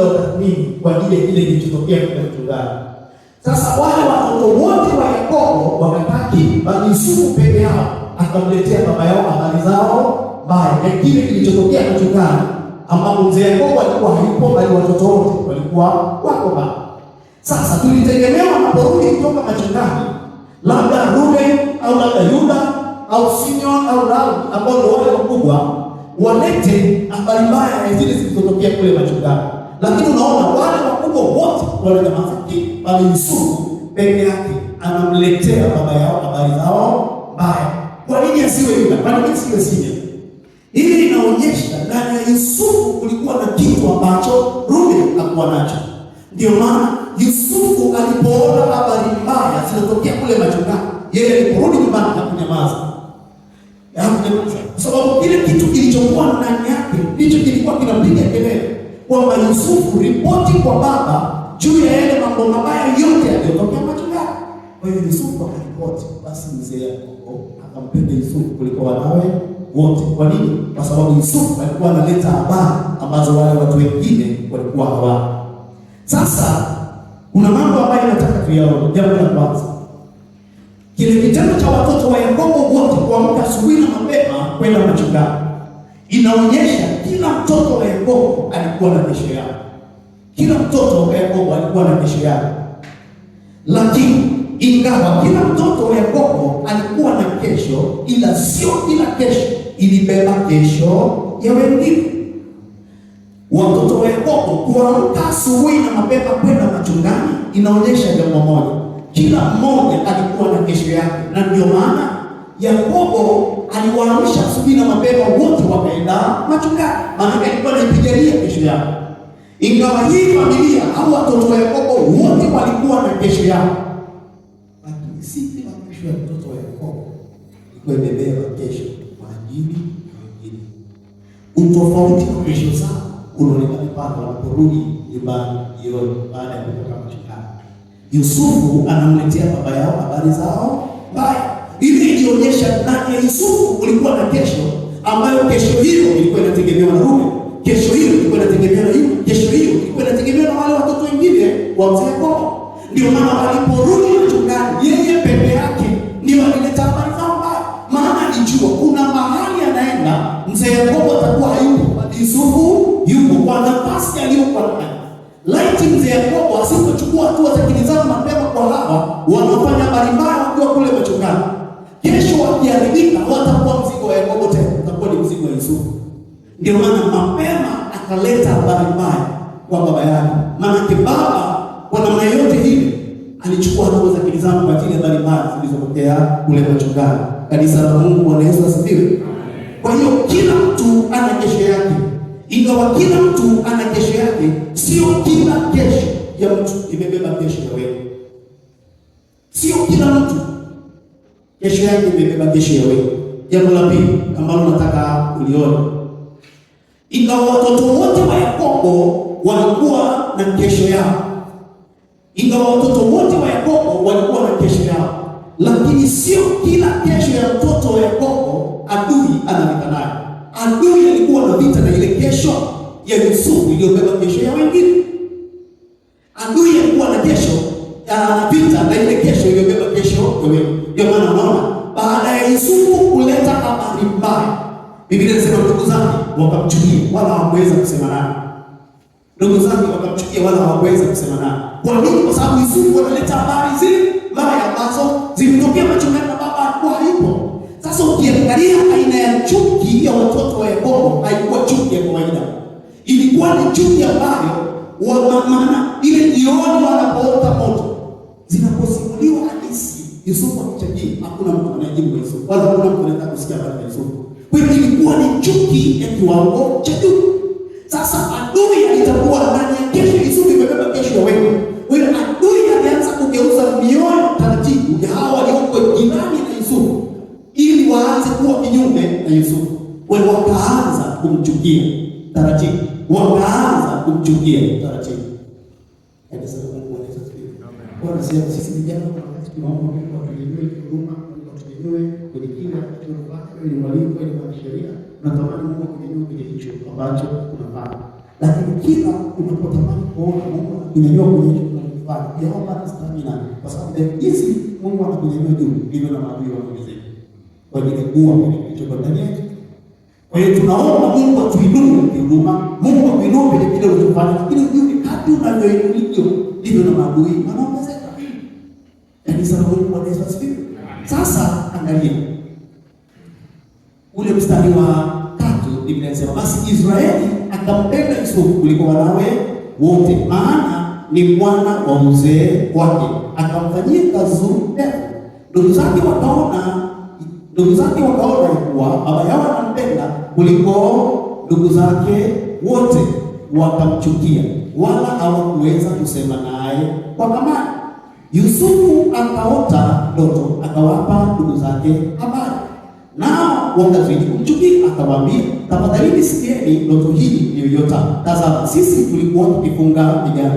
muda wa tathmini kwa ajili ya kile kilichotokea katika mchungaji. Sasa wale watoto wote wa Yakobo wakataki Yusufu peke yao akamletea baba yao habari zao mbaya ya kile kilichotokea mchungaji, ambapo mzee Yakobo alikuwa hayupo, bali watoto wote walikuwa wako baba. Sasa tulitegemea wanaporudi kutoka machungani, labda Ruben au labda Yuda au Simeon au Lawi ambao ndio wale wakubwa walete habari mbaya ya zile zilizotokea kule machungani. Lakini unaona wale wakubwa wote walinyamaza ti, bali Yusufu peke yake anamletea baba yao habari zao mbaya. Kwa nini asiwe Yuda? Kwa nini asiwe Sija? Hili linaonyesha ndani ya Yusufu kulikuwa na kitu ambacho Rubeni hakuwa nacho. Ndio maana Yusufu alipoona habari mbaya zinatokea kule machungani, yeye aliporudi nyumbani hakunyamaza yaani, kwa sababu kile kitu kilichokuwa ndani yake ndicho kilikuwa kinapiga kelele kwamba Yusufu ripoti kwa baba juu ya yale mambo mabaya yote yaliyotokea macho yake. Kwa hiyo Yusufu akaripoti, basi mzee Yakobo akampenda Yusufu kuliko wanawe wote. Kwa nini? Kwa sababu Yusufu alikuwa analeta habari ambazo wale watu wengine walikuwa hawana. Sasa kuna mambo ambayo nataka tuyaone. Jambo la kwanza, kile kitendo cha watoto wa Yakobo wote kuamka asubuhi na mapema kwenda machungani inaonyesha kila mtoto wa Yakobo alikuwa na kesho yake, kila mtoto wa Yakobo alikuwa na kesho yake. Lakini ingawa kila mtoto wa Yakobo alikuwa na kesho, ila sio kila kesho ilibeba kesho ya wengine. Watoto wa Yakobo kuamka asubuhi na mapema kwenda machungani inaonyesha jambo moja, kila mmoja alikuwa na kesho yake, na ndio maana Yakobo aliwaamsha asubuhi na mapema, wote wakaenda machungani, maanake alikuwa anaipigania kesho yao. Ingawa hii familia au watoto wa Yakobo wote walikuwa na kesho yao, lakini si kila kesho ya mtoto wa Yakobo ilikuwa imebewa kesho kwa ajili wengine. Utofauti wa kesho zao unaonekana pale wanaporudi nyumbani jioni baada ya kutoka machungani. Yusufu anamletea baba yao habari zao mbaya ilionyesha na Yusufu ulikuwa na kesho ambayo kesho hiyo ilikuwa inategemewa na Rumi, kesho hiyo ilikuwa inategemewa na yule, kesho hiyo ilikuwa inategemewa na wale watoto wengine wa mzee Yakobo. Ndio maana waliporudi mchungani, yeye peke yake ndio alileta habari mbaya, maana alijua kuna mahali anaenda mzee Yakobo atakuwa hayupo, Yusufu yupo kwa nafasi aliyokuwa nayo. Laiti mzee Yakobo asipochukua hatua za Ndio maana mapema akaleta habari mbaya kwa baba yake, maanake baba kwa namna yote hivi alichukua hatua za kidhamu kwa ajili ya habari mbaya zilizotokea kule machungani. Kanisa la Mungu, Bwana Yesu asifiwe. Kwa hiyo kila mtu ana kesho yake, ingawa kila mtu ana kesho yake, sio kila kesho ya mtu imebeba kesho ya wewe. Sio kila mtu kesho yake imebeba kesho ya wewe. Jambo la pili ambalo nataka uliona ingawa watoto wote wa Yakobo walikuwa na kesho yao, ingawa watoto wote wa Yakobo walikuwa na kesho yao, lakini sio kila kesho ya mtoto wa Yakobo adui anavita nayo. Adui alikuwa na vita na ile kesho ya Yusufu iliyobeba kesho ya wengine. Adui alikuwa na kesho ya ah, vita na ile kesho wakamchukia wala hawakuweza kusema naye. Ndugu zangu, wakamchukia wala hawakuweza kusema naye. Kwa nini? Kwa sababu Yusufu analeta habari zile mara ambazo zilitokea machungani na baba alikuwa hayupo. Sasa ukiangalia aina ya chuki ya watoto wa Yakobo haikuwa chuki ya kawaida, ilikuwa ni chuki ambayo maana ile jioni wanapoota moto zinaposimuliwa hadisi Yusufu akichangia, hakuna mtu anayejibu Yusufu wala hakuna mtu anataka kusikia habari ya Yusufu ilikuwa ni chuki ya kiwango cha juu. Sasa adui alitambua ndani ya kesho Yusufu imebeba kesho ya wewe. Kwa hiyo adui alianza kugeuza mioyo taratibu ya hawa walioko jirani na Yusufu ili waanze kuwa kinyume na Yusufu. Wao wakaanza kumchukia taratibu, wakaanza kumchukia taratibu. Kwa Bwana sisi vijana tunaweza kuomba kwa kuelewa wengine ni mwalimu, kwenye ni mwanasheria, unatamani Mungu akunyanyua kwenye hicho ambacho unapata. lakini kila unapotamani kuona Mungu akunyanyua kwenye hicho unachofanya, yaomba na stamina, kwa sababu jinsi Mungu anakunyanyua juu ndivyo na maadui wanaongezeka kwa ajili ya kuwa kwa ndani yetu. Kwa hiyo tunaomba Mungu atuinue kihuduma, Mungu akuinue kwenye kile unachofanya, lakini ujue kadri unavyoinuliwa ndivyo na maadui wanaongezeka. Yaani sana Mungu anaweza sasa angalia ule mstari wa tatu Biblia inasema basi Israeli akampenda Yusufu kuliko wanawe wote, maana ni mwana wa mzee wake, akamfanyia kazuri ndefu. Ndugu zake wakaona, ndugu zake wakaona kuwa baba yao anampenda kuliko ndugu zake wote, wakamchukia, wala hawakuweza kusema naye kwa amani. Yusufu akaota ndoto, akawapa ndugu zake habari nao wakazijibu. akawambia akawaambia, tafadhali nisikieni ndoto hii niliyoyota. Tazama, sisi tulikuwa tukifunga vijana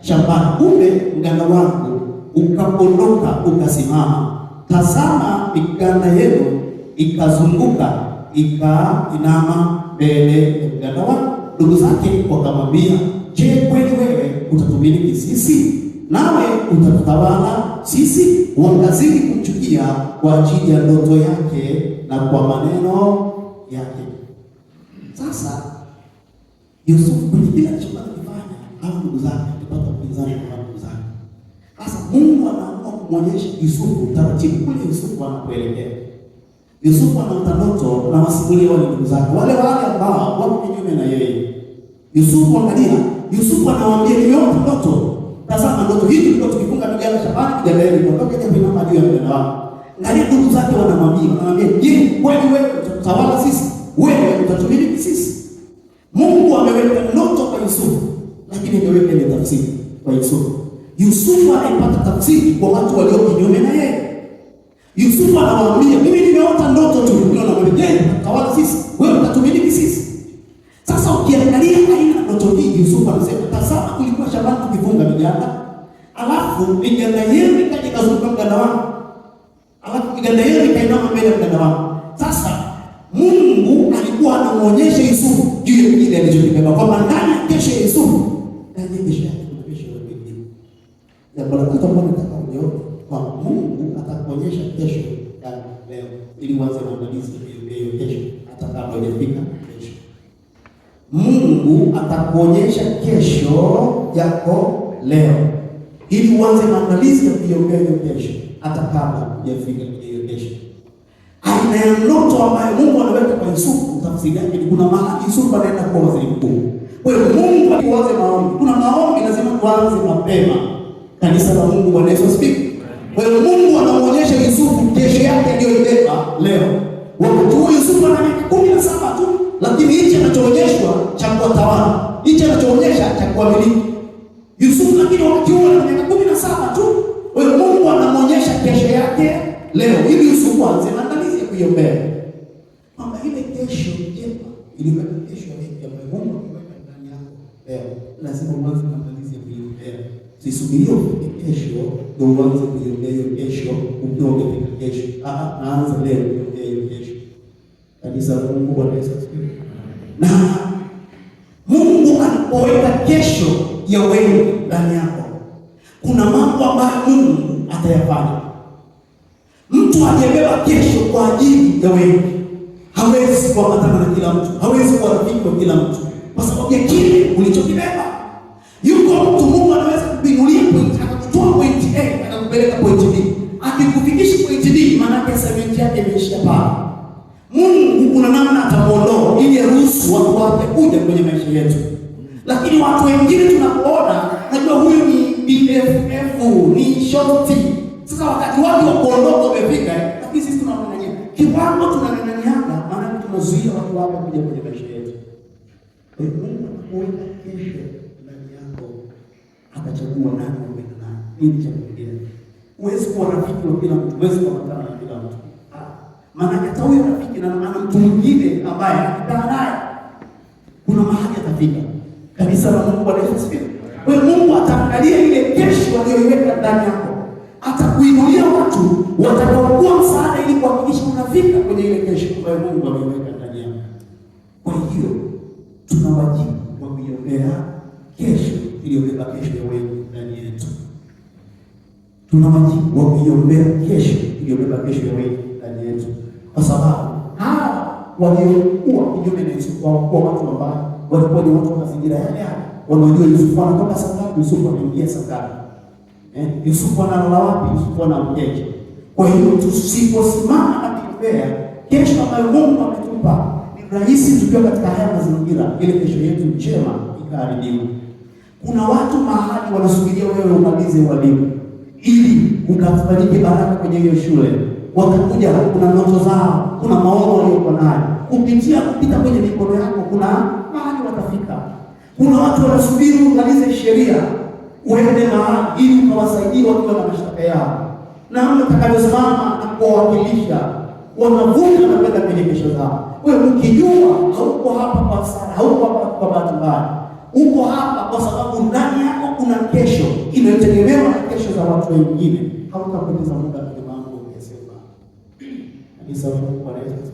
shambani, kumbe mganda wangu ukaondoka ukasimama. Tazama, miganda yenu ikazunguka ikainama mbele ya mganda wangu. Ndugu zake wakamwambia, je, kweli wewe utatumiliki sisi nawe utatutawala sisi? Wakazidi kumchukia kwa ajili ya ndoto yake na kwa maneno yake. Sasa Yusufu kwenye kila alichokuwa kifanya au ndugu zake kipata upinzani kwa ndugu zake. Sasa Mungu anaamua kumwonyesha Yusufu utaratibu kule Yusufu anapoelekea. Yusufu anaota ndoto na wasimulia wale ndugu zake wale wale ambao wako kinyume na yeye. Yusufu angalia, Yusufu anawaambia nimeota ndoto. Tazama ndoto hii ndoto kifunga migana shambani kijabeeni kwa toka jambo la maadui ya mtandao lakini ndugu zake wanamwambia, wanamwambia, je, kwani wewe utatawala sisi? Wewe utatumini sisi? Mungu ameweka ndoto kwa Yusufu, lakini ameweka ile tafsiri kwa Yusufu. Yusufu anaipata tafsiri kwa watu walio kinyume na yeye. Yusufu anawaambia, mimi nimeota ndoto tu. Ndio anamwambia, je, utatawala sisi? Wewe utatumini sisi? Sasa ukiangalia aina ndoto hii, Yusufu anasema, tazama, kulikuwa shambani tukifunga miganda, alafu miganda yenu ikaja kazunguka mganda wangu Nikaendelea nikainama mbele ya mdada wangu. Sasa Mungu alikuwa anamuonyesha Yusufu juu ya kile alichokibeba kwamba ndani ya kesho ya Yusufu ndani ya kesho yake kuna kesho ya Biblia. Na kwa sababu Mungu nataka unione kwa Mungu atakuonyesha kesho ya leo ili uanze maandalizi hiyo kesho atakapo ifika kesho. Mungu atakuonyesha kesho yako leo ili uanze maandalizi ya hiyo kesho atakapo kesho na ndoto ambayo Mungu anaweka kwa Yusufu, tafsiri yake ni kuna maana Yusufu anaenda kuwa waziri mkuu. Kwa hiyo Mungu akianza maombi, kuna maombi lazima tuanze mapema. Kanisa la Mungu, Bwana Yesu asifiwe. Kwa hiyo Mungu anamuonyesha Yusufu kesho yake ndio ibeba leo. Wakati huo Yusufu ana miaka kumi tu, lakini hichi anachoonyeshwa cha kuwatawala, hichi anachoonyesha cha kuamiliki Yusufu, lakini wakati huo ana miaka kumi tu. Kwa hiyo Mungu anamuonyesha kesho yake leo ili Yusufu hiyo mbele. Mama, ile kesho njema iliweka kesho hiki ambayo Mungu ameweka ndani yako leo, lazima uanze maandalizi ya kuiombea. Sisubirie ufike kesho ndio uanze kuiombea hiyo kesho, udoge pika kesho. Ah, ah, naanza leo kuiombea hiyo kesho. Kanisa Mungu Bwana Yesu asifiwe. Na Mungu anapoweka kesho ya wewe ndani yako, kuna mambo ambayo Mungu atayafanya mtu akiemewa kesho kwa ajili ya wewe. Hawezi kuwa matata na kila mtu, hawezi kuwa rafiki wa kila mtu, kwa sababu ya kile ulichokibeba. Yuko mtu Mungu anaweza kubinulia pointi, akakutoa pointi A akakupeleka pointi B. Akikufikisha pointi D, maana yake assignment yake imeishia pale. Mungu kuna namna atamuondoa ili aruhusu watu wake kuja kwenye maisha yetu, lakini watu wengine tunakuona, najua huyu ni BFF, ni shorti sasa wakati watu wa kuondoka umefika, lakini sisi tunang'ang'ania kiwango, tunang'ang'aniana, maana tunazuia watu wapo kuja kwenye maisha yetu. Mungu anakuweka kesho ndani yako, atachagua nani na nani, nini cha kuongea. Huwezi kuwa rafiki wa kila mtu, huwezi kuwa matana na kila mtu, ah, maana hata huyo rafiki na ana mtu mwingine ambaye akitana naye kuna mahali atafika. Kanisa la Mungu, Bwana Yesu asifiwe. Kwa hiyo Mungu ataangalia ile kesho aliyoiweka ndani yako atakuinulia watu watakaokuwa msaada ili kuhakikisha unafika kwenye ile kesho ambayo Mungu ameweka ndani yako. Kwa hiyo tuna wajibu wa kuiombea kesho iliyobeba kesho ya wengi ndani yetu. Tuna wajibu wa kuiombea kesho iliyobeba kesho ya wengi ndani yetu, kwa sababu hawa waliokuwa kinyume na Yesu kwa watu ambao walikuwa ni watu wa mazingira yale yale, wanaojua Yusufu anatoka sababu Yusufu ameingia Samaria Eh, Yusufu analala wapi? Yusufu ana mkeje. Kwa hiyo tusiposimama na kutembea kesho ambayo Mungu ametupa, ni rahisi tukiwa katika haya mazingira, ile kesho yetu njema ikaharibiwa. Kuna watu mahali wanasubiria wewe umalize ualimu ili ukakubalike baraka kwenye hiyo shule. Watakuja, kuna ndoto zao, kuna maono waliokuwa nayo kupitia kupita kwenye mikono yako, kuna mahali watafika. Kuna watu wanasubiri umalize sheria uende mahala ili ukawasaidia wakiwa na mashtaka yao, namna utakavyosimama na kuwawakilisha wanavuja na kwenda kwenye kesho zao. Wewe ukijua hauko hapa kwa hasara, hauko hapa kwa bahati mbaya, uko hapa kwa sababu ndani yako kuna kesho inayotegemewa na kesho za watu wengine. Hautapoteza muda kwenye mambo yasiyofaa.